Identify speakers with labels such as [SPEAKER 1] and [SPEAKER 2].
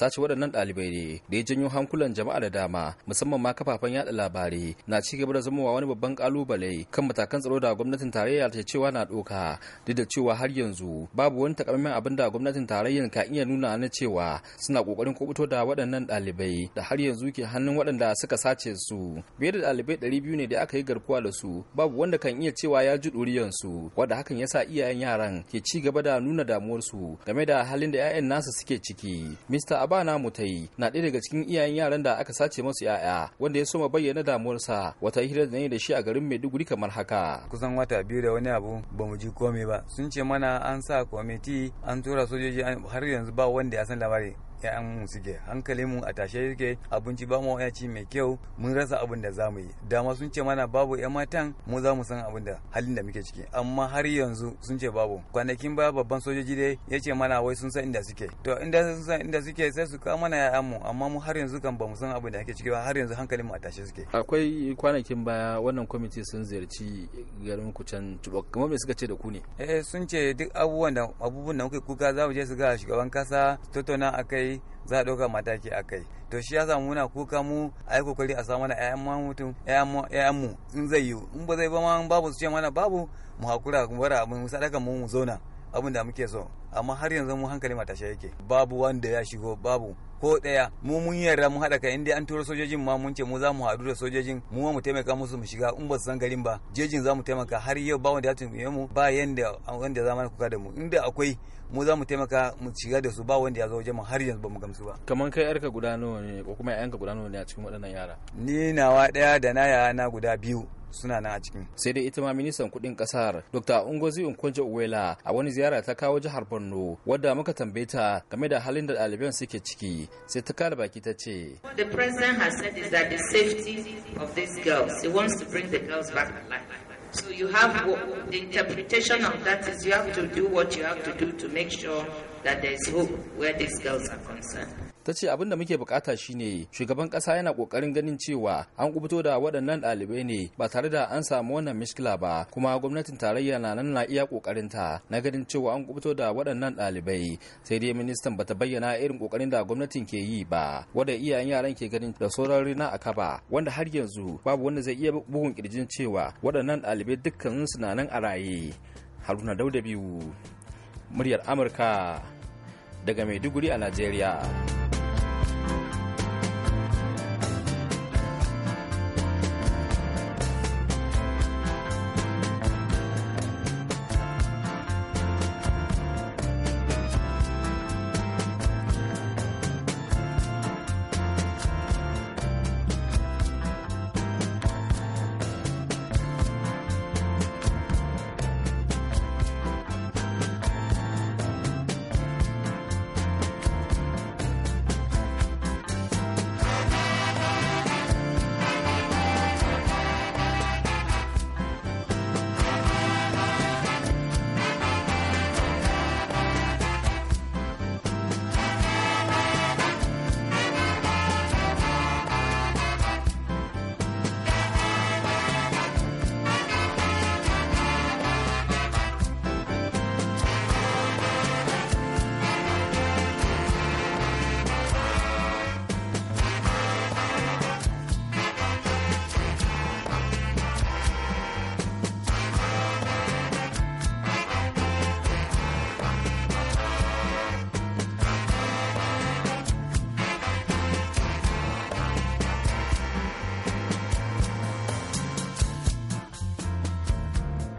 [SPEAKER 1] sace waɗannan ɗalibai ne da ya janyo hankulan jama'a da dama musamman ma kafafen yaɗa labarai na ci gaba da zama wani babban kalubale kan matakan tsaro da gwamnatin tarayya ta cewa na ɗoka duk da cewa har yanzu babu wani takamaiman abin da gwamnatin tarayyan ka iya nuna na cewa suna kokarin kubuto da waɗannan ɗalibai da har yanzu ke hannun waɗanda suka sace su fiye da ɗalibai ɗari biyu ne da aka yi garkuwa da su babu wanda kan iya cewa ya ji ɗuriyansu wanda hakan ya sa iyayen yaran ke ci gaba da nuna damuwarsu game da halin da 'ya'yan nasu suke ciki Mr. ba namu ta yi na ɗaya daga cikin iyayen yaran da aka sace masu yaya wanda ya soma bayyana damuwarsa wata hira da ne da shi a garin Maiduguri kamar haka
[SPEAKER 2] kusan wata biyu da wani abu ba mu ji komai ba sun ce mana an sa kwamiti an tura sojoji har yanzu ba wanda ya san labari 'ya'yan mu suke hankalin mu a tashe yake abinci ba mu ci mai kyau mun rasa abin da zamu yi dama sun ce mana babu 'yan matan mu za mu san abin da halin da muke ciki amma har yanzu sun ce babu kwanakin baya babban sojoji dai ya ce mana wai sun san inda suke to inda sun san inda suke sai su kawo mana 'ya'yan mu amma mu har yanzu kan ba mu san abin da ake ciki ba har yanzu hankalin mu a tashe suke
[SPEAKER 1] akwai kwanakin baya wannan kwamiti sun ziyarci garin ku can tubak kuma me suka ce da ku ne
[SPEAKER 2] eh sun ce duk abubuwan da abubuwan da kuka za mu je su ga shugaban kasa tattauna akai kai za a ɗauka mataki a kai to shi yasa muna kuka mu a yi kokari a samu na ƴaƴan mu mutum ƴaƴan mu in zai yiwu in ba zai ba ma babu su ce mana babu mu hakura mu bara mu sadaka mu mu zauna abin da muke so amma har yanzu mu hankali matashe yake babu wanda ya shigo babu ko ɗaya mu mun yarda mun haɗa kai inda an turo sojojin ma mun ce mu za mu haɗu da sojojin mu mu taimaka musu mu shiga in ba su san garin ba jejin za mu taimaka har yau ba wanda ya tunkuye mu ba yanda wanda za mu kuka da mu inda akwai mu za mu taimaka mu shiga da su ba wanda ya zo wajen mu har yanzu ba mu gamsu ba
[SPEAKER 1] kaman kai yarka guda nawa ne ko kuma 'yanka guda nawa ne a cikin waɗannan yara ni nawa daya da na yaya
[SPEAKER 2] na guda biyu suna nan a
[SPEAKER 1] cikin sai dai ita ma ministan kuɗin ƙasar dr ungozi unkonje uwela a wani ziyara ta kawo jihar borno wadda muka tambaye ta game da halin da ɗaliban suke ciki sai ta kare baki ta ce the president has said is that the safety of these girls he wants to bring the girls back alive So you have the interpretation of that is you have to do what you have to do to make sure that there is hope where these girls are concerned. ta ce abin da muke bukata shine shugaban kasa yana kokarin ganin cewa an kubuto da waɗannan ɗalibai ne ba tare da an samu wannan mishkila ba kuma gwamnatin tarayya na nan na iya kokarin ta na ganin cewa an kubuto da waɗannan ɗalibai sai dai ministan bata bayyana irin kokarin da gwamnatin ke yi ba wanda iyayen yaran ke ganin da sauran rina a kaba wanda har yanzu babu wanda zai iya bugun kirjin cewa waɗannan ɗalibai dukkan su na nan a raye haruna dauda biyu muryar amurka daga maiduguri a najeriya